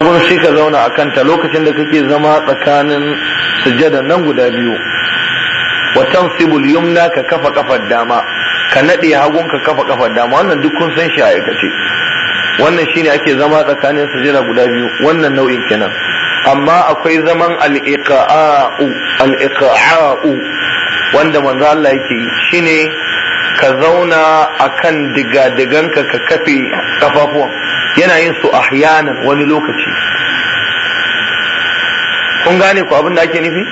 kuma shi ka zauna a kanta lokacin da kake zama tsakanin sujada nan guda biyu wa tansibul yumna ka kafa kafar dama ka nade hagun ka kafa kafar dama wannan duk kun san shi a aikace wannan shine ake zama tsakanin sujada guda biyu wannan nau'in kenan amma akwai zaman al-iqa'u al-iqa'u wanda manzo Allah yake shine ka zauna akan digadiganka ka kafe kafafuwan yana yin su ahyanan wani lokaci kun gane ku abin da ake nufi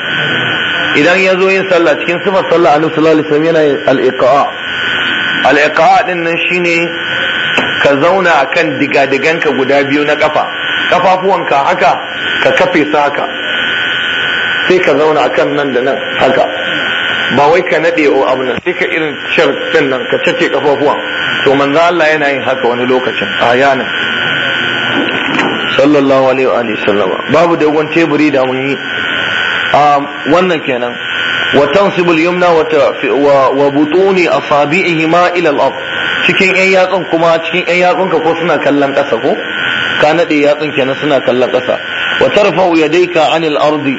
idan ya zo yin sallah cikin sifar sallah a sallallahu lalisa yana yin al'iqa'a al'iqa'a din nan shine ka zauna a akan digadiganka guda biyu na kafa kafafuwanka haka ka kafe su haka sai ka zauna a kan nan da nan haka ba wai ka nade o abu nan sai ka irin can nan ka cace kafafuwa to manzo Allah yana yin haka wani lokacin Aya nan. sallallahu alaihi wa alihi sallama babu dogon teburi da mun yi wannan kenan wa tansibu al-yumna wa wa butuni asabi'ihima ila al-ard cikin ƴan yatsun kuma cikin ƴan yatsun ka ko suna kallon ƙasa ko ka nade yatsun kenan suna kallon ƙasa wa tarfa'u yadayka 'anil ardi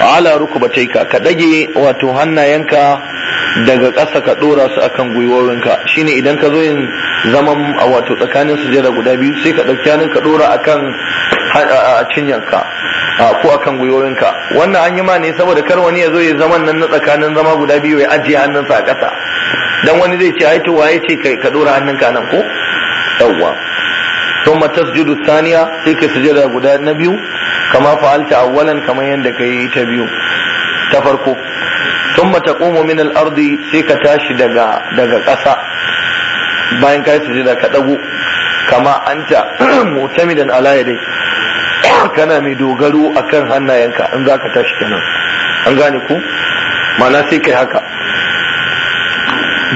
ala rukubatai ka ka dage wato hannayenka daga ƙasa ka ɗora su akan gwiwowinka shine idan ka zo yin zaman a wato tsakanin jera guda biyu sai ka ɗauki hannun ka dora akan cinyanka ko akan gwiwowinka wannan an yi ma ne saboda kar wani ya zo ya zaman nan na tsakanin zama guda biyu ya ajiye hannunsa a ƙasa dan wani zai ce ai to waye ce ka ɗora hannunka nan ko yawwa sun tasjudu saniya sai ka sujada guda na biyu kama fa'alta awwalan kamar yadda ka yi ta biyu ta farko sun taqumu min al sai ka tashi daga daga ƙasa bayan ka yi sujada ka dago kama anta mutamidan ala yadai kana mai dogaro akan hannayenka in zaka tashi kenan an gane ku ma'ana sai kai haka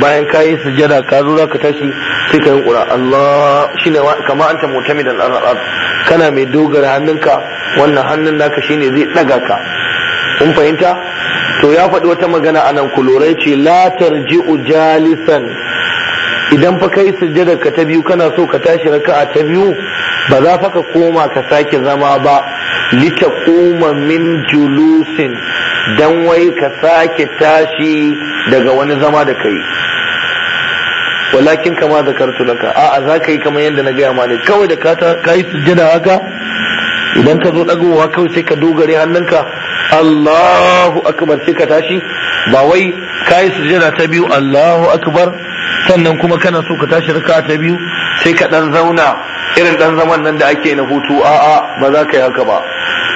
bayan ka yi sujada, ka zo za ka tashi sai ka yi kura Allah Shi ne kama anta mutamidan al-ard kana mai dogara hannunka wannan hannun naka shi ne zai ɗaga ka kun fahimta to ya faɗi wata magana a nan ku lura ce la tarji'u jalisan idan fa kai sujada ka ta biyu kana so ka tashi raka'a ta biyu ba za fa ka koma ka sake zama ba litakuma min julusin Dan wai ka sake tashi daga wani zama da kai walakin kama zakartu laka a'a za ka yi kamar yadda na gaya ma ne kawai da ka yi sujjada haka idan ka zo ɗagowa kawai sai ka dogare hannunka Allahu akbar sai ka tashi ba wai ka yi sujjada ta biyu Allahu akbar sannan kuma kana so ka tashi raka ta biyu sai ka ɗan zauna irin ɗan zaman nan da ake na hutu a'a ba za ka yi haka ba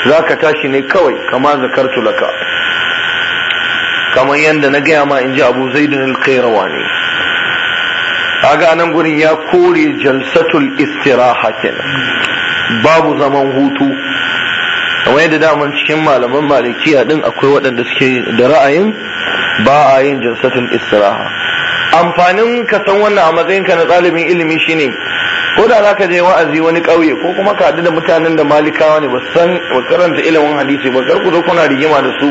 za ka tashi ne kawai kama zakartu laka kamar yadda na gaya ma in ji abu nilkai rawa ne kaga nan gurin ya kore jalsatul istiraha kenan babu zaman hutu kamar yadda daman cikin malaman malikiya din akwai waɗanda suke da ra'ayin ba a yin jalsatul istiraha amfanin ka san wannan a matsayin ka na ɗalibin ilimi shine ko da zaka je wa'azi wani ƙauye ko kuma ka da mutanen da malikawa ne ba san ba karanta ilimin hadisi ba kar ku zo kuna rigima da su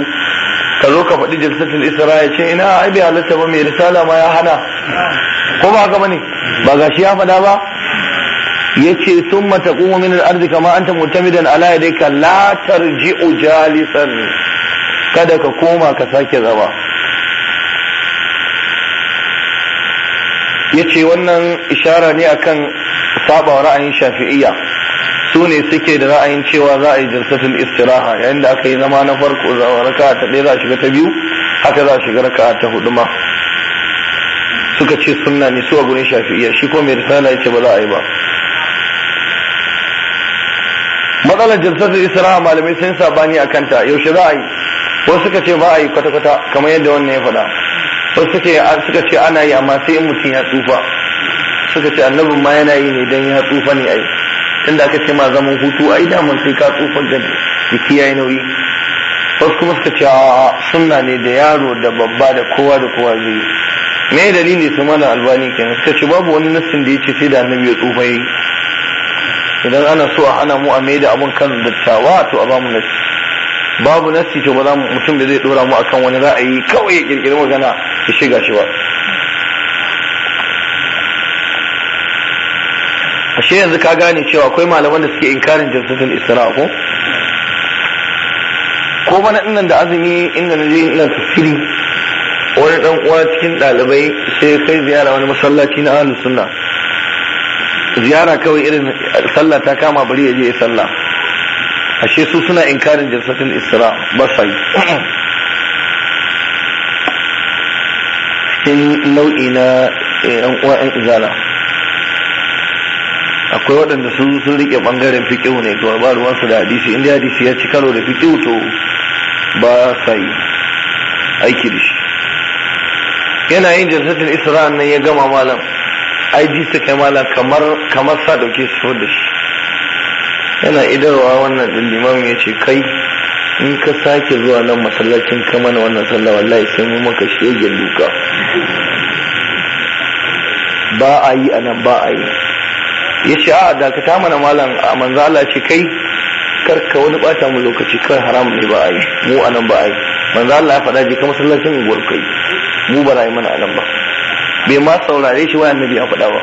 ka zo ka faɗi jalsatul isra ya ce ina ai bai halatta ba mai risala ma ya hana ko ba haka bane ba gashi ya faɗa ba yace summa taqumu min al-ardi kama anta mutamidan ala yadayka la tarji'u jalisan kada ka koma ka sake zama yace wannan ishara ne akan saba ra'ayin shafi'iyya su ne suke da ra'ayin cewa za a yi jalsatul istiraha yayin da aka yi zama na farko za a raka ta ɗaya za a shiga ta biyu haka za a shiga raka ta hudu ma suka ce sunna ne su a gurin shafi'iyya shi ko mai risala ya ce ba za a yi ba matsalar jalsatul istiraha malamai sun sabani a kanta yaushe za a yi wasu suka ce ba a yi kwata-kwata kamar yadda wannan ya faɗa wasu suka ce ana yi amma sai in mutum ya tsufa suka ce annabin ma yana yi ne don ya tsufa ne a yi da aka ce ma zaman hutu ai daman sai ka tsufa da jiki yayi nauyi wasu kuma suka ce a sunna ne da yaro da babba da kowa da kowa zai yi me dalili su mana albani kenan suka ce babu wani nassin da ya ce sai da annabi ya tsufa yi idan ana so a hana mu a mai da abin kan dattawa to a bamu nassi babu nassi to ba za mu mutum da zai dora mu akan wani ra'ayi kawai ya kirkiri magana ya shiga shi ba ashe yanzu ka gane cewa akwai malaman da suke inkarin jalsatul isra ko ko bana dinnan da azumi inda na je ina tafsiri wani dan uwa cikin dalibai sai kai ziyara wani masallaci na ahlus sunna ziyara kawai irin sallah ta kama bari ya je ya sallah ashe su suna inkarin jalsatul isra ba sai yi cikin nau'i na yan eh, uwa yan izala akwai waɗanda sun sun rike bangaren fiqh ne to ba ruwan su da hadisi inda hadisi ya ci karo da fiqh to ba sai aiki da shi yana yin jalsatul isra nan ya gama malam ai ji su kai malam kamar kamar sa dauke su da shi yana idarwa wannan din limamin ya ce kai in ka sake zuwa nan masallacin ka mana wannan sallah wallahi sai mu maka shegen duka ba a yi a nan ba a yi ya ce a dakata mana malam a Manzala Allah ce kai karka wani bata mu lokaci kai haram ne ba yi mu anan ba ai manzo Allah ya faɗa je ka masallacin unguwar kai mu ba rayu mana anan ba bai ma saurare shi wai annabi ya faɗa ba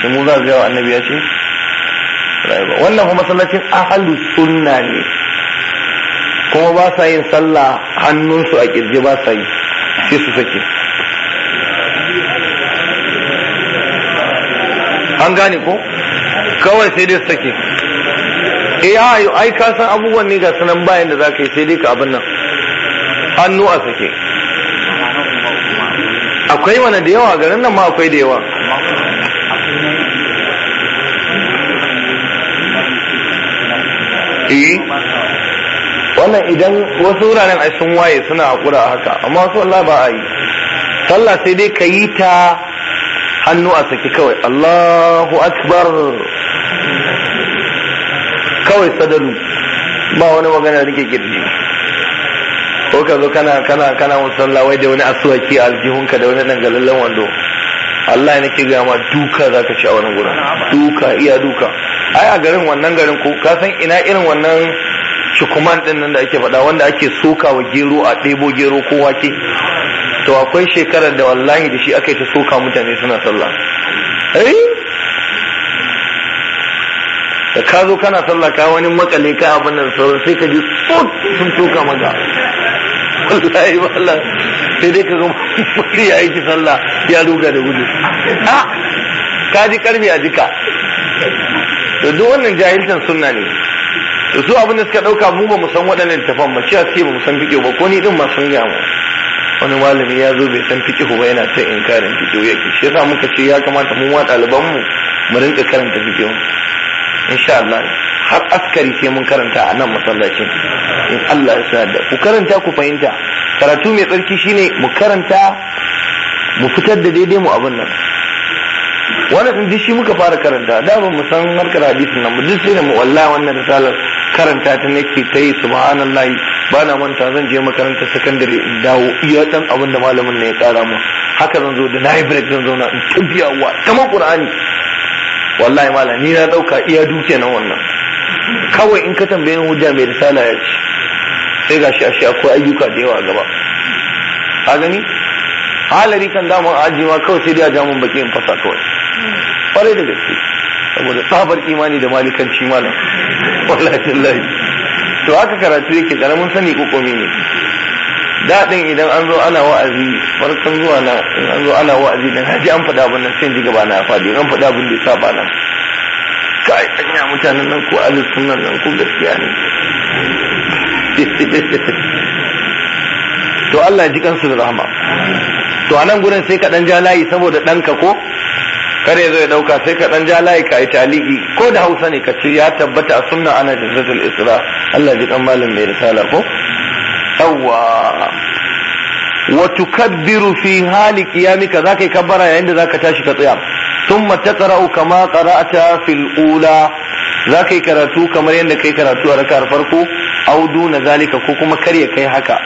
sai mu za ga annabi ya ce rai ba wannan kuma masallacin ahalu sunna ne kuma ba sa yin sallah hannunsu a kirje ba sa yi sai su sake an gane ko kawai sai dai sake eh ayo ai ka san abubuwan ne ga sanan bayan da zaka yi sai dai ka abin nan hannu a sake akwai mana da yawa garin nan ma akwai da yawa eh wannan idan wasu wuraren ai sun waye suna hakura haka amma wasu Allah ba a yi sallah sai dai ka yi ta hannu a saki kawai Allahu akbar kawai sadalu ba wani magana da nake kirji ko ka zo kana kana kana musalla wai da wani asuwaki a aljihunka da wani dangalallen wando Allah nake ga ma duka zaka ci a wani gurin duka iya duka ai a garin wannan garin ko ka san ina irin wannan shukuman din nan da ake faɗa wanda ake soka wa gero a ɗebo gero ko wake to akwai shekarar da wallahi da shi aka yi ta soka mutane suna sallah ai eh? da ka zo kana sallah ka wani makale ka abin nan sauran sai ka ji sun soka maka wallahi wallah sai dai ka zo mutum ya aiki sallah ya ruga da gudu ka ji karfi a jika to duk wannan jahilcin sunna ne to su abin da suka dauka mu ba mu san waɗannan tafan ba shi a ce ba mu san fiƙe ba ko ni din ma sun gaya wani malami ya zo bai san fikihu ba yana son inkarin fikihu yake shi yasa muka ce ya kamata mu wa ɗaliban mu mu rinka karanta fikihu insha Allah har askari sai mun karanta a nan masallacin in Allah ya sa ku karanta ku fahimta karatu mai tsarki shine mu karanta mu fitar da daidai mu abin nan wannan din shi muka fara karanta da ba mu san harkar hadisin nan mu duk sai da mu wallahi wannan risalar karanta ta nake ta yi subhanallah ba na manta zan je makarantar sakandare in dawo iya can abin da malamin na ya tsara mu haka zan zo da na yi break zan zauna in tabbiya wa kamar qur'ani wallahi malam ni na dauka iya duke na wannan kawai in ka tambaye mu da mai risala ya ci. sai gashi shi akwai ayyuka da yawa gaba ka gani halari kan damar aji ma kawai sai dai a jamun baki in fasa kawai kwarai da gaske saboda tsabar imani da malikanci malam wallahi lahi to haka karatu yake karamin sani kokomi ne daɗin idan an zo ana wa'azi farkon zuwa na in an zo ana wa'azi dan haji an faɗa abin nan sai ji gaba na faɗi an faɗa abin da ya saba nan kai ɗanya mutanen nan ko alisunan nan ko gaskiya ne to Allah ji kansu da rahama to a gurin sai ka dan ja layi saboda ɗanka ko kare zai dauka sai ka dan ja layi ka yi taliki ko da hausa ne ka ce ya tabbata a sunna ana da zatul isra Allah ji kan malam mai risala ko awwa wa tukabbiru fi hali qiyamika zaka kabbara yayin da zaka tashi ka tsaya thumma taqra'u kama qara'ata fil ula zakai karatu kamar yadda kai karatu a rakar farko au duna zalika ko kuma kar ya kai haka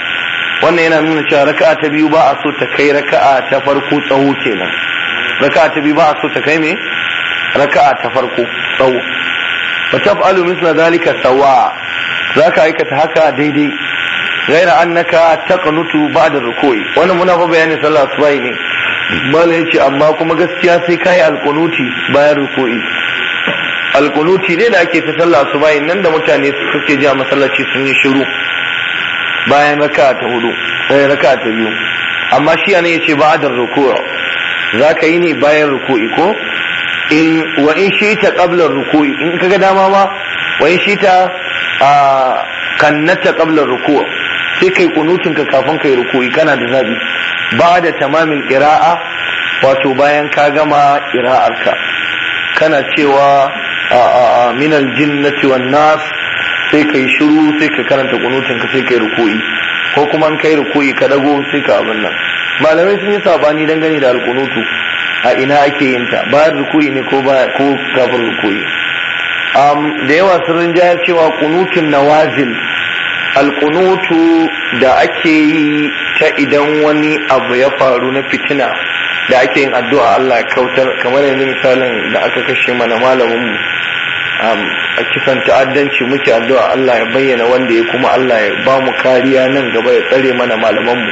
wannan yana nuna cewa raka'a ta biyu ba a so ta kai raka'a ta farko tsawo kenan raka'a ta biyu ba a so ta kai me raka'a ta farko tsawo fa taf'alu misla zalika sawa zaka aikata haka daidai gaira annaka taqnutu ba'da ruku'i wannan muna fa bayani sallah subhi ne mala yace amma kuma gaskiya sai kai alqunuti bayan ruku'i alqunuti ne da ake ta sallah subhi nan da mutane suke ji a masallaci sun yi shiru bayan raka ta hudu eh raka ta biyu amma shi anan yace ba'da za ka yi ne bayan ruku'i ko in wa in ta qabla ruku'i in ga dama ma wa in a kannata qabla ruku'u sai kai kunutun ka kafin kai ruku'i kana da zabi da tamamin qira'a wato bayan ka gama qira'arka kana cewa a minal jinnati wan nas sai ka yi shiru sai ka karanta kunutin ka sai ka yi rukoi ko kuma kai ka ka dago sai ka abin nan malamai sun yi sabani dangane da alkunutu a ina ake yin ta bayan rukoi ne ko ko kafin ruku'i da yawa sun rinjaya cewa kunutun nawazil alkunutu da ake yi ta idan wani abu ya faru na fitina da ake yin addu'a Allah kautar kamar yanzu misalin da aka kashe mana malamin mu a kisan ta'addanci muke addu'a Allah ya bayyana wanda ya kuma Allah ya ba mu kariya nan gaba ya tsare mana malaman mu.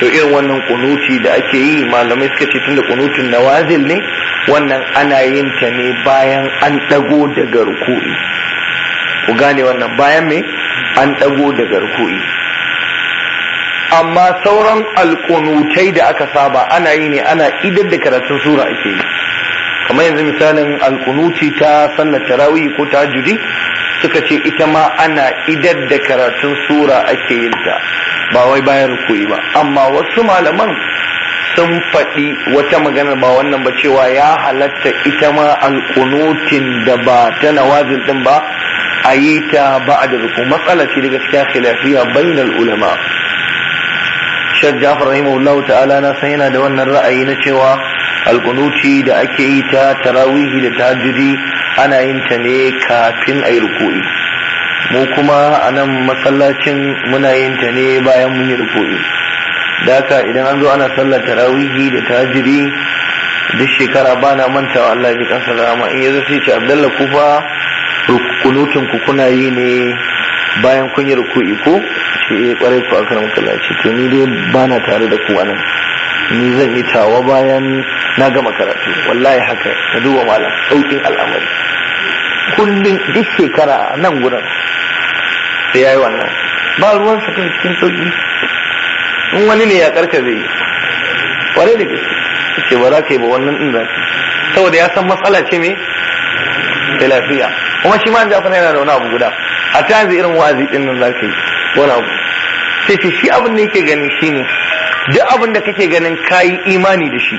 to irin wannan kunuti da ake yi malamai suka ce tunda kunutin nawazil ne wannan ana yin ta ne bayan an dago daga ruku'i ku gane wannan bayan me an dago daga ruku'i amma sauran alkunutai da aka saba ana yi ne ana idar da karatun sura ake yi kamar yanzu misalin alkunuti ta sannan tarawih ko judi suka ce ita ma ana idar da karatun sura ake yin ta ba wai bayan rukuyi ba amma wasu malaman sun faɗi wata maganar ba wannan ba cewa ya halatta ita ma alkunutin da ba ta nawazin din ba a yi ta ba a da rukun matsala ce daga gaskiya khilafiya bainal ulama shek jafar rahimahullahu ta'ala na san yana da wannan ra'ayi na cewa alkunuci da ake yi ta tarawihi da tahajjudi ana yin ta ne kafin a yi ruku'i mu kuma a nan masallacin muna yin ta ne bayan mun yi ruku'i da haka idan an zo ana sallar tarawihi da tahajjudi duk shekara ba na manta wa Allah ji kansa rama in yazo sai ce Abdullahi kufa kunutun ku kuna yi ne bayan kun yi ruku'i ko ce eh kwarai ku akram kallah ce to ni dai ba na tare da ku anan ni zan yi tawa bayan na gama karatu wallahi haka na duba malam saukin al'amari kullum duk shekara nan gudan sai yayi wannan ba ruwan sa cikin sauki in wani ne ya karka zai kwarai da gaske ce ba za ka yi ba wannan din za saboda ya san matsala ce me da lafiya kuma shi ma jafa yana da wani abu guda a ta yanzu irin wa'azi din nan zaka yi wani abu sai ce shi abin da yake shi ne duk abin da kake ganin kayi imani da shi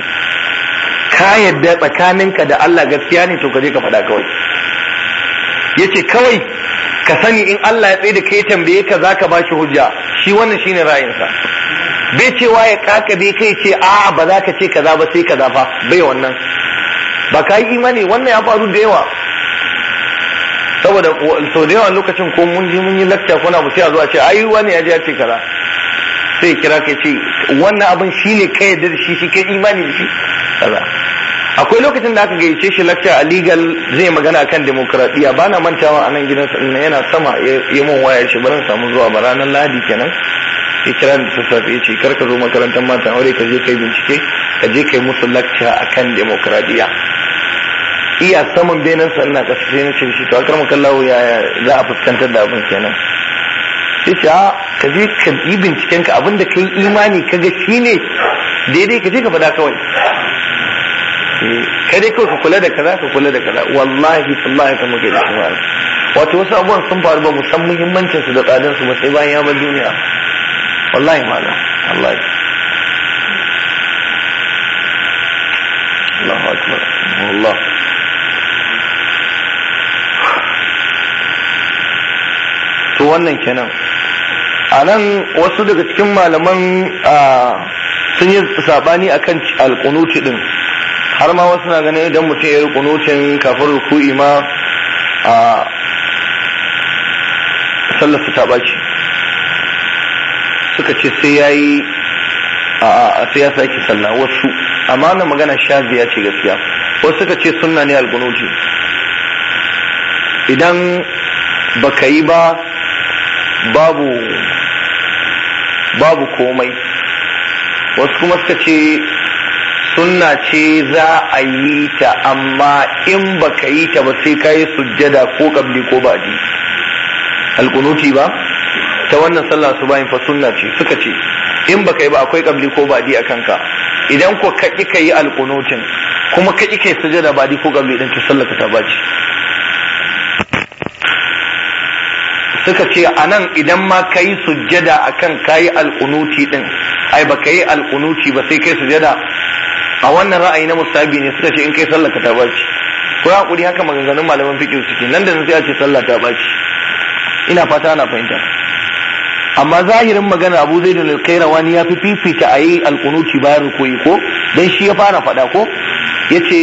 ka yadda tsakaninka da Allah gaskiya ne to ka je ka faɗa kawai yace kawai ka sani in Allah ya tsaye da kai tambaye ka zaka shi hujja shi wannan shine ra'ayinsa bai cewa ya kaka bai kai ce a ba za ka ce kaza ba sai kaza fa bai wannan ba ka yi imani wannan ya faru da yawa saboda sau da yawan lokacin ko mun je mun yi lakta ko na sai a zuwa a ce ai wani ya je ya ce kaza sai kira ka ce wannan abin shine ka da shi shi imani shi kaza akwai lokacin da aka gayyace shi lakta a legal zai magana akan demokradiya bana mantawa a nan gidansa yana sama ya mun waya shi barin samu zuwa ba ranar Ladi kenan ya kira da sassafe ya ce kar ka zo makarantar mata aure ka je kai bincike ka je kai musu lakta akan demokradiya iya saman benin sa ina kasu sai na ce shi to akar makallahu ya za a fuskantar da abin kenan sai ce ah, ka je ka yi binciken ka abinda ka yi imani ka ga shi ne daidai ka je ka faɗa kawai eh, ka dai kawai ka kula da kaza ka kula da kaza wallahi sallahi ka muke da kuma wato wasu abubuwan sun faru ba musan muhimmancin su da tsadar su ba sai bayan ya bar duniya wallahi mala wallahi Allahu akbar Allah wannan kenan a nan wasu daga cikin malaman sun yi sabani akan alkunuti din har ma wasu na ganin idan mutum ya yi kafin ruku'i ma a sallarsa ta baki suka ce sai ya yi a sai ya sake sallah wasu amma na magana shaziya ce gaskiya wasu suka ce sunna ne alkunuti idan baka yi ba babu babu komai wasu kuma suka ce sunna ce za a yi ta amma in baka yi ta ba sai ka yi sujjada ko kabli ko baji alkunuti ba ta wannan sallah su bayan fa sunna ce suka ce in baka yi ba akwai kabli ko baji a kanka idan ko ka ka yi alkunutin kuma ka ka yi sujjada baji ko kabli din ta sallaka ta baji suka ce a nan idan ma ka yi sujjada a kan ka yi al'unuti ɗin ai ba ka yi al'unuti ba sai kai sujjada a wannan ra'ayi na musabi ne suka ce in kai sallah ka ta ɓaci ko ya haƙuri haka maganganun malaman fiƙi suke nan da nan sai a ce sallah ta ɓaci ina fata ana fahimta amma zahirin magana abu zai da alkaira wani ya fi fifita a yi alkunuti bayan rukoyi ko don shi ya fara faɗa ko ya ce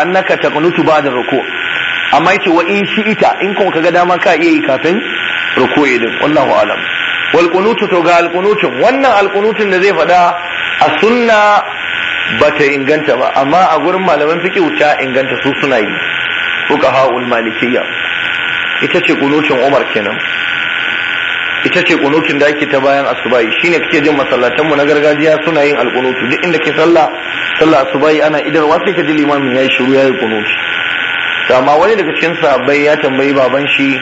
annaka ta kunutu ba da ruku amma yace wa in shi ita in kuma kaga dama ka iya yi kafin rukoyi. din wallahu alam wal kunutu to ga alkunutun wannan alkunutun da zai faɗa a sunna ba ta inganta ba amma a gurin malaman fiqh ta inganta su suna yi fuqaha ul malikiyya ita ce kunutun umar kenan ita ce kunutun da ake ta bayan asubahi shine kake jin masallatan mu na gargajiya suna yin alkunutu duk inda ke sallah sallah asubahi ana idan wasu ka ji limamin ya yi shiru ya yi kunutu amma wani daga cikin sahabbai ya tambayi baban shi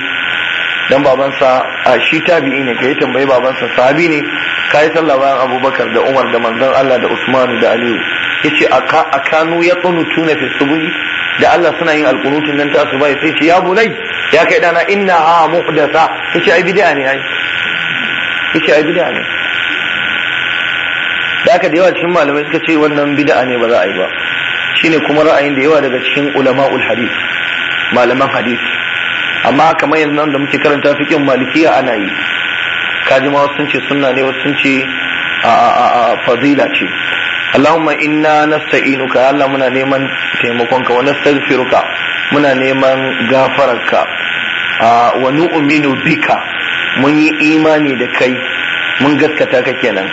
dan babansa a shi tabi'i ne kai tambayi babansa sahabi ne kai sallah bayan abubakar da umar da manzon Allah da usman da aliyu yace a akanu ya qunutuna fi subuhi da Allah suna yin alqunutun nan ta subai sai ce ya bulai ya kai dana inna ha muhdasa yace ai bid'a ne ai yace ai bid'a ne da aka da yawa cikin malamai suka ce wannan bid'a ne ba za a yi ba shine kuma ra'ayin da yawa daga cikin ul hadith malaman hadith amma kamar yanzu nan da muke karanta fiqhin malikiya ana yi kaji ma sun ce sunna ne wasu sun ce a fadila ce Allahumma inna nasta'inuka Allah muna neman taimakonka wa nastaghfiruka muna neman gafararka wa nu'minu bika mun yi imani da kai mun gaskata ka kenan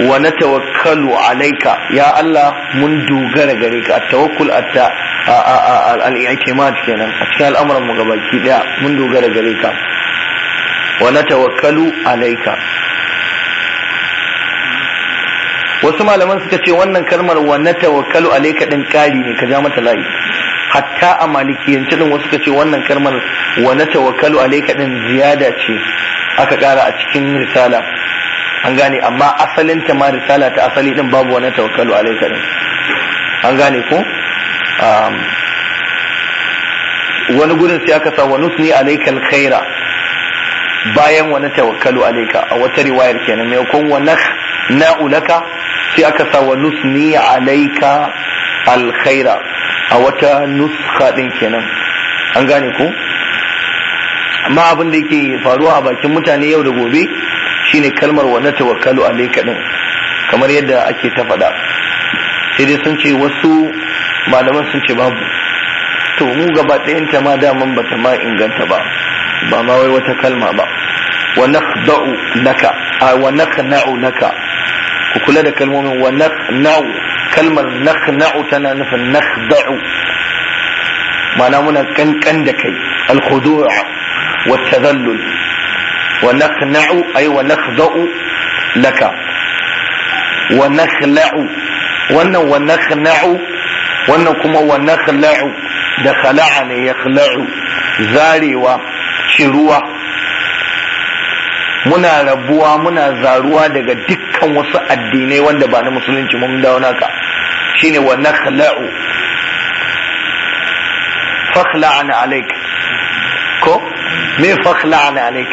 wa na tawakkalu alaika ya Allah mun dogara gare ka tawakkul atta al-i'timad kenan a cikin al'amuran mu gabaki daya mun dogara gare ka wa na tawakkalu alaika wasu malaman suka ce wannan kalmar wa na tawakkalu alaika din kari ne ka ja mata layi hatta a malikiyance din wasu suka ce wannan kalmar wa na tawakkalu alaika din ziyada ce aka kara a cikin risala an gane amma asalin ta ma risala ta asali din babu wani tawakkalu alaika din an gane ko wani gurin sai aka sa wa nusni alaika alkhaira bayan wani tawakkalu alaika a wata riwayar kenan mai kun wa ulaka sai aka sa wa nusni alaika alkhaira a wata nuskha din kenan an gane ko amma abin da yake faruwa a bakin mutane yau da gobe shine kalmar wa natawakkalu alayka din kamar yadda ake ta faɗa sai dai sun ce wasu malaman sun ce babu to mu gaba ɗayanta ma daman ta ma inganta ba ba ma wai wata kalma ba wa nakhda'u laka a wa nakhna'u laka ku kula da kalmomin wa nakhna'u kalmar nakhna'u tana nufin nakhda'u ma'ana muna kankan da kai al-khudu' wa tadhallul wa nakhna'u ay wa nakhda'u laka wa nakhla'u wannan wa nakhna'u wannan kuma wa nakhla'u da khala'a ne ya khla'u zarewa ciruwa muna rabuwa muna zaruwa daga dukkan wasu addinai wanda ba na musulunci mun dawo naka shine wa nakhla'u fakhla'an alaik ko me fakhla'an alaik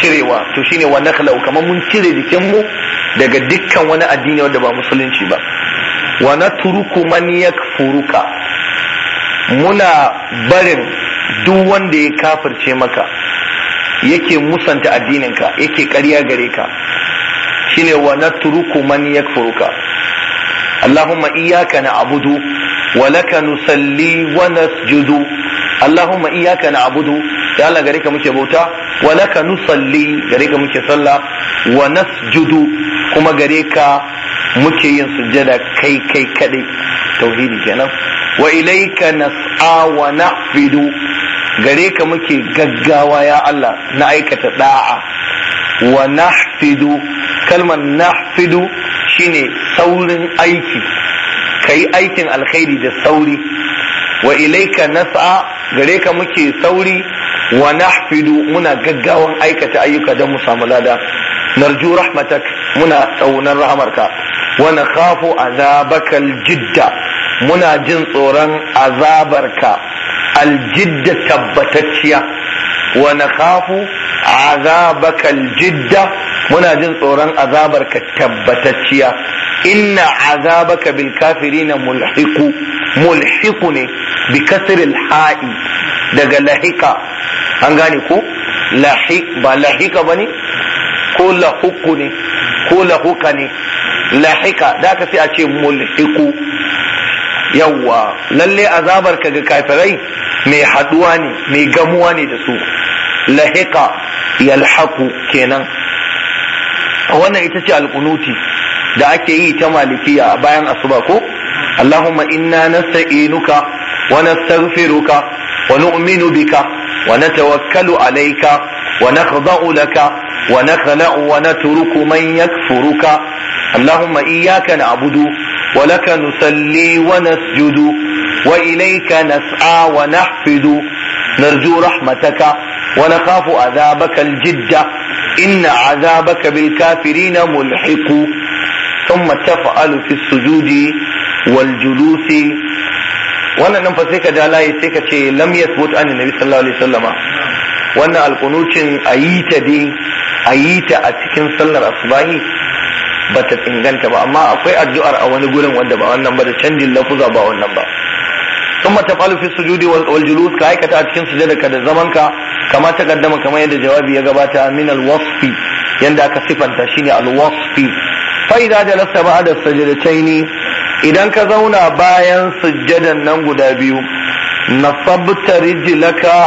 cirewa to shine wa nakhlau kamar mun cire mu daga dukkan wani addini wanda ba musulunci ba wa turuku man yakfuruka muna barin duk wanda ya kafirce maka yake musanta addininka yake ƙarya gare ka shine wa turuku man yakfuruka اللهم إياك نعبد ولك نصلي ونسجد اللهم إياك نعبد يا الله غريك مكي بوتا ولك نصلي غريك مكي صلى ونسجد كما غريك مكي ينسجد كي كي كدي توحيدي كنا وإليك نسعى ونعبد غريك مكي غغاوا يا الله نأيك تداعى ونحن nahfidu kalmar nahfidu shine saurin aiki kai aikin alkhairi da sauri wa ilaika nas'a gare ka muke sauri wa nahfidu muna gaggawan aikata ayyuka don mu samu lada narju rahmatak muna tsaunar rahamarka wa nakhafu azabaka aljidda muna jin tsoron azabarka aljidda tabbatacciya wa kafu azabakal jidda? muna jin tsoron azabarka tabbatacciya inna azabaka bil na mulhiqu mulhiqu ne bi ha'i daga lahika an gane ko ba lahika bane ko lahuku ne ko lahuka ne lahika da aka sai a ce mulhiku yawwa lalle azabar ka ga kafirai mai haduwa ne mai gamuwa ne da su lahiqa yalhaqu kenan wannan ita ce alkunuti da ake yi ta malikiya bayan asuba ko Allahumma inna nasta'inuka wa nastaghfiruka wa nu'minu bika wa natawakkalu alayka wa nakhda'u laka wa nakhla'u wa natruku man yakfuruka اللهم إياك نعبد ولك نسلي ونسجد وإليك نسعى ونحفد نرجو رحمتك ونخاف عذابك الجد إن عذابك بالكافرين ملحق ثم تفعل في السجود والجلوس wannan nan fa sai ka ja layi sai ka ce lam yasbut an nabi sallallahu alaihi wasallama wannan alqunucin ayi ta dai ta a cikin sallar asubahi ba ta tsinganta ba amma akwai addu'ar a wani gurin wanda ba wannan ba da canjin lafuza ba wannan ba sun mata falufi sujudi wal julus ka aikata a cikin sujada ka da zaman ka kama ta kaddama kamar yadda jawabi ya gabata min al wasfi yanda aka sifanta shine al wasfi ba idza da ba'da caini, idan ka zauna bayan sujjadan nan guda biyu nasabta rijlaka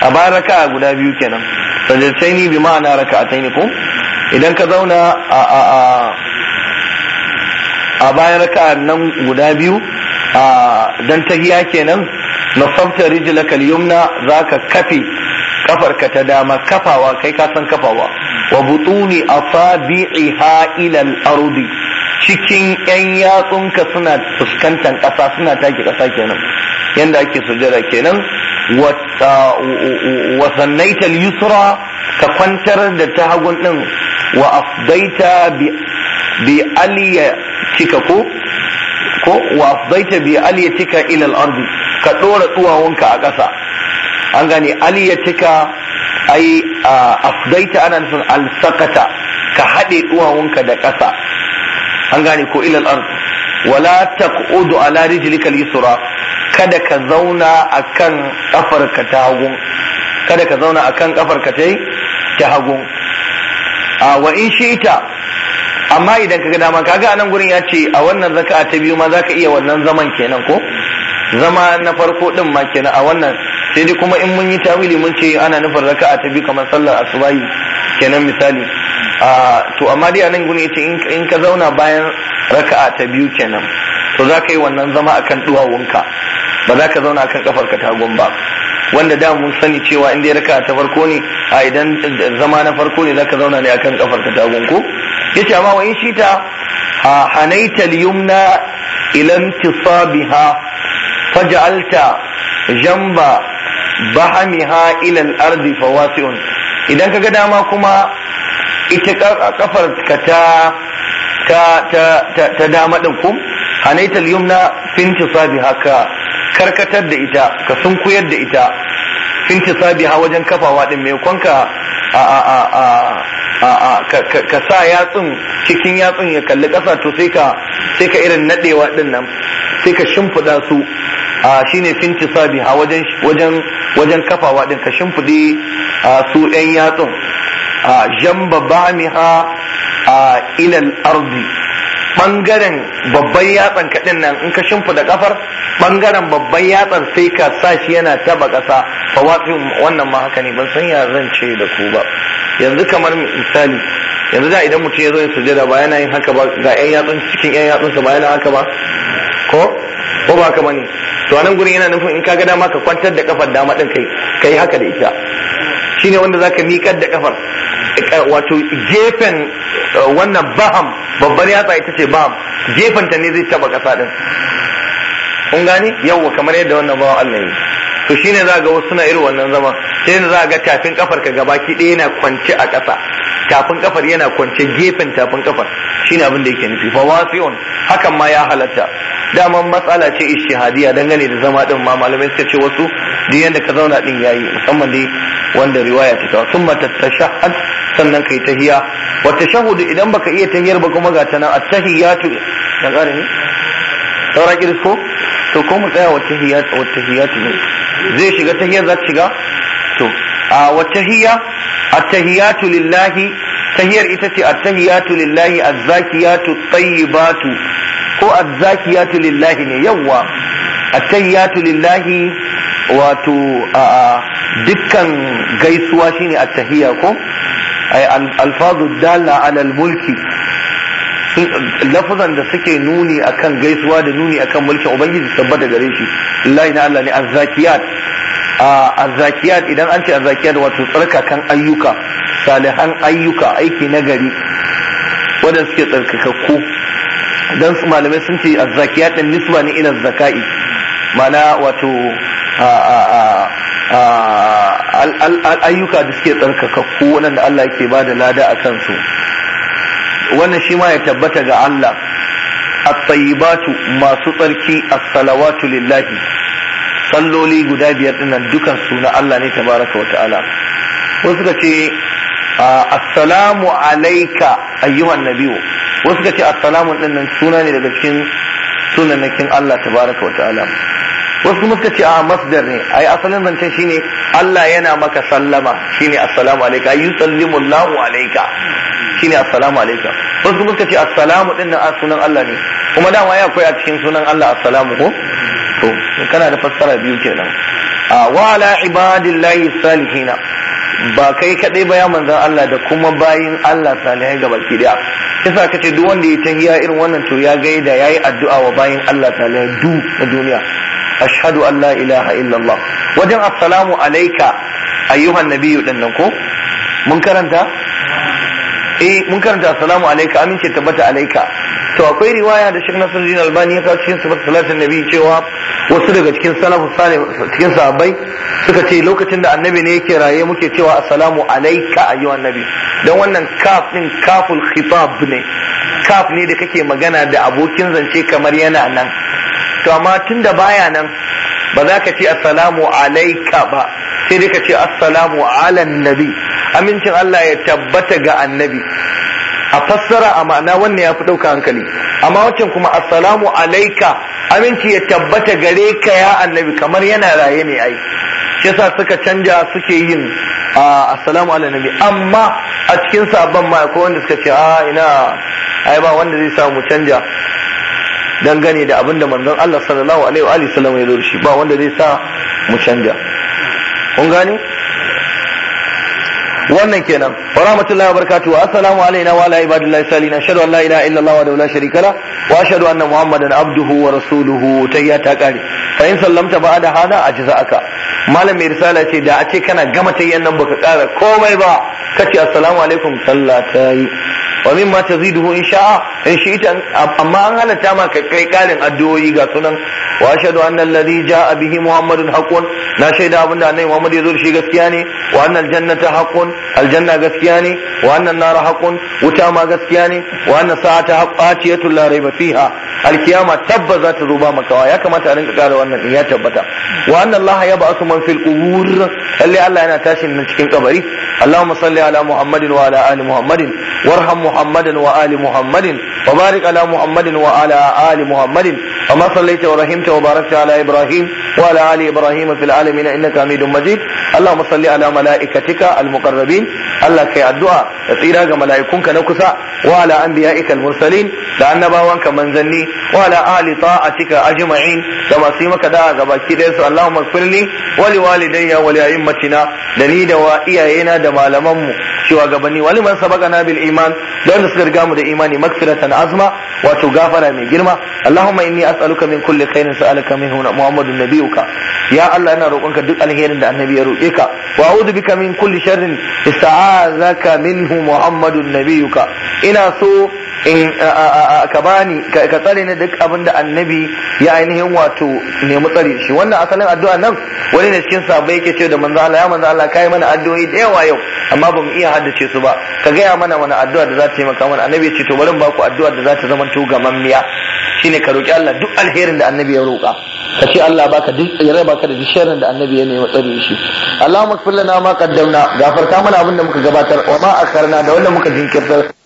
a bayan raka'a guda biyu kenan sajadataini bi ma'ana raka'ataini ko idan ka zauna a a a bayan raka nan guda biyu a dan tahiya kenan na sabta rijlaka al-yumna zaka kafe kafarka ta dama kafawa kai ka san kafawa wa butuni asabi'iha ila al-ardi cikin yan yatsunka suna fuskantar ƙasa suna take ƙasa kenan yanda ake sujada kenan wasannaita yusra ka kwantar da ta hagun din wa afdaita bi aliya cika ko ko wa afdaita bi aliyatika ila al-ardi ka ɗora duwawunka a ƙasa an gane cika, ai afdaita ana nufin alsakata ka haɗe duwawunka da ƙasa an gane ko ilal ard wala taqudu ala rijlika al-yusra kada ka zauna akan kafarka ta hagun kada ka zauna akan kafarka tai ta hagun a wa in shi'ita amma idan kaga dama kaga anan gurin ya ce a wannan zaka ta biyu ma zaka iya wannan zaman kenan ko zama na farko din ma kenan a wannan sai dai kuma in mun yi tawili mun ce ana nufin raka'a ta biyu kamar sallar asubahi kenan misali to amma dai anan gune yace in ka zauna bayan raka'a ta biyu kenan to za ka yi wannan zama akan duwawunka ba za ka zauna akan kafarka ta ba wanda da mun sani cewa in dai raka'a ta farko ne a idan zama na farko ne za ka zauna ne akan kafarka ta ko yace amma wa in shita hanaita al-yumna ila intisabiha faj'alta jamba bahamiha ila al-ardi fawasi'un idan kaga dama kuma ita kafar ka ta ta ta dama din kum hanaita al-yumna fi intisabiha haka. karkatar da ita ka sunkuyar da ita ha wajen kafawa din mai kwanka a a a a a ka sa yatsun cikin yatsun ya kalli kasa to sai ka sai ka irin nadewa din nan sai ka shimfida su a shine fintisabiha wajen wajen wajen kafawa din ka shimfide su ɗan yatsun jamba bamiha ilal ardi bangaren babban yatsan kaɗin nan in ka da kafar bangaren babban yatsan sai ka sa shi yana taba ƙasa fa wannan ma haka ne ban san ya zan ce da ku ba yanzu kamar misali yanzu da idan mutum ya zo yin sujada ba yana yin haka ba ga yan yatsun cikin yan yatsunsa ba yana haka ba ko ko ba haka bane to anan gurin yana nufin in ka ga dama ka kwantar da kafar dama din kai kai haka da ita shine wanda zaka miƙar da kafar wato gefen wannan baham babbar yatsa ita ce baham gefanta ne zai taba kasa din kun gani yawwa kamar yadda wannan bawan Allah yi to shine za ga wasu suna irin wannan zama sai za ga tafin kafar ka gabaki ɗaya yana kwance a ƙasa tafin kafar yana kwance gefen tafin kafar shine abin da yake nufi fa wasiun hakan ma ya halatta dama matsala ce ishihadiya dangane da zama din ma malamai suka ce wasu duk yanda ka zauna din yayi musamman dai wanda riwaya ta kawo summa tatashahhad sannan kai tahiya wa tashahhudu idan baka iya tahiyar ba kuma ga tana at-tahiyatu na kare ne saura ki ko? to ko mu tsaya wa tahiyatu wa tahiyatu ne zai shiga tahiyar za ta shiga to a wa tahiya at-tahiyatu lillahi tahiyar ita ce at-tahiyatu lillahi az-zakiyatu at-tayyibatu ko az-zakiyatu lillahi ne yawa at-tahiyatu lillahi wato dukkan gaisuwa shine at-tahiyya ko ay alfazu dalla ala mulki lafazan da suke nuni akan gaisuwa da nuni akan mulki ubangiji tabbata gare shi lillahi na Allah ne azzakiyat azzakiyat idan an ce azzakiyat wato tsarkakan ayyuka salihan ayyuka aiki na gari wanda suke tsarkakakku dan malamai sun ce azzakiyat din nisba ne ila zakai mana wato ayyuka da suke nan da Allah yake ba da lada a kansu wannan shi ma ya tabbata ga Allah at-tayyibatu masu tsarki as-salawatu lillahi salloli guda biyar dinnan dukan su na Allah ne tabaraka wa ta'ala wasu suka ce assalamu alayka ayyuhan nabiyyu wasu suka ce assalamu dinnan suna ne daga cikin sunanakin Allah tabaraka wa ta'ala wasu muka ce a masdar ne ai asalin shi shine Allah yana maka sallama shine assalamu alayka yusallimu Allahu alayka shine assalamu alayka wasu muka ce assalamu din nan ah, sunan Allah ne kuma dama ya koyi a cikin sunan Allah assalamu ko to kana da fassara biyu kenan a wa ala ibadillahi salihina ba kai kadai ba ya manzan Allah da kuma bayin Allah salihai ga baki daya yasa ce duk wanda ya tahiya irin wannan to ya gaida yayi addu'a wa bayin Allah salihai du na duniya ashhadu an la ilaha illallah wajen assalamu alayka ayyuhan nabiyyu din ko mun karanta eh mun karanta assalamu alayka amince tabbata alayka to akwai riwaya da Sheikh Nasiruddin Albani ya kawo cikin sifat salatin nabi cewa wasu daga cikin salafu salih cikin sahabbai suka ce lokacin da annabi ne yake raye muke cewa assalamu alayka ayyuhan annabi dan wannan kaf din kaful khitab ne kaf ne da kake magana da abokin zance kamar yana nan to amma tunda baya nan ba za ka ce assalamu alaika ba sai dai ka ce assalamu ala nabi amincin Allah ya tabbata ga annabi a fassara a ma'ana wannan ya fi ɗauka hankali amma wancan kuma assalamu alaika aminci ya tabbata gare ka ya annabi kamar yana raye ne ai shi yasa suka canja suke yin assalamu ala nabi amma a cikin sabon ma akwai wanda suka ce a ah, ina ai ba wanda zai samu canja dangane da abinda manzon Allah sallallahu alaihi wa sallam ya zo shi ba wanda zai sa mu canja kun gane wannan kenan wa rahmatullahi wa barakatuhu assalamu alaina wa ala ibadillahi salina ashhadu an la ilaha illallah wa la sharika la wa ashhadu anna muhammadan abduhu wa rasuluhu tayya ta kare fa in sallamta ba'da hada aka. malam mai risala ce da a ce kana gama tayyan nan baka kara komai ba kace assalamu alaikum sallah ta yi wa mimma taziduhu in sha'a in eh, shi'ta amma an halatta ma ka kai karin addu'o'i ga sunan wa ashhadu anna alladhi ja'a bihi muhammadun haqqun na shaida abinda annabi muhammad ya zo shi gaskiya ne wa anna aljannata haqqun aljanna gaskiya ne wa anna an-nar haqqun wuta ma gaskiya ne wa anna sa'ata haqqatiyatun la rayba fiha alkiyama tabba za ta zo ba makawa ya kamata a rinka kara wannan in ya tabbata wa anna allaha yab'athu man fil qubur lalle Allah yana tashi nan cikin kabari Allahumma salli ala muhammadin wa ala ali muhammadin warham محمد وآل محمد وبارك على محمد وعلى آل محمد كما صليت ورحمت وباركت على إبراهيم وعلى آل إبراهيم في العالمين إنك حميد مجيد اللهم صل على ملائكتك المقربين الله كي الدعاء تصيرا ملائكونك نكسا وعلى أنبيائك المرسلين لأن باوانك منزلني وعلى آل طاعتك أجمعين كما سيمك دعا gabaki ɗaya su Allahumma firli wali walidayya wali a'immatina da ni da wa iyayena da malamanmu shugabanni wali man na bil iman da wanda suka riga mu da imani magfiratan azma wato gafara mai girma allahumma inni as'aluka min kulli khairin sa'alaka minhu muhammadun nabiyuka ya allah ina roƙonka duk alherin da annabi ya roƙe ka wa a'udhu bika min kulli sharrin ista'azaka minhu muhammadun nabiyuka ina so in ka bani ka tsare ni duk abin da annabi ya ainihin wato nemi tsare shi wannan asalin addu'a nan wani ne cikin sabai yake ce da manzo Allah ya manzo Allah kai mana addu'o'i da yawa yau amma ba mu iya haddace su ba ka gaya mana wani addu'a da za ta taimaka mana annabi ya ce to bari ba ku addu'a da za ta zama to gamammiya shine ka roki Allah duk alherin da annabi ya roka ka ce Allah baka duk ya raba ka da duk sharrin da annabi ya nemi tsare shi Allahumma ighfir lana ma qaddamna gafarta mana abin da muka gabatar wa ma akharna da wanda muka jinkirtar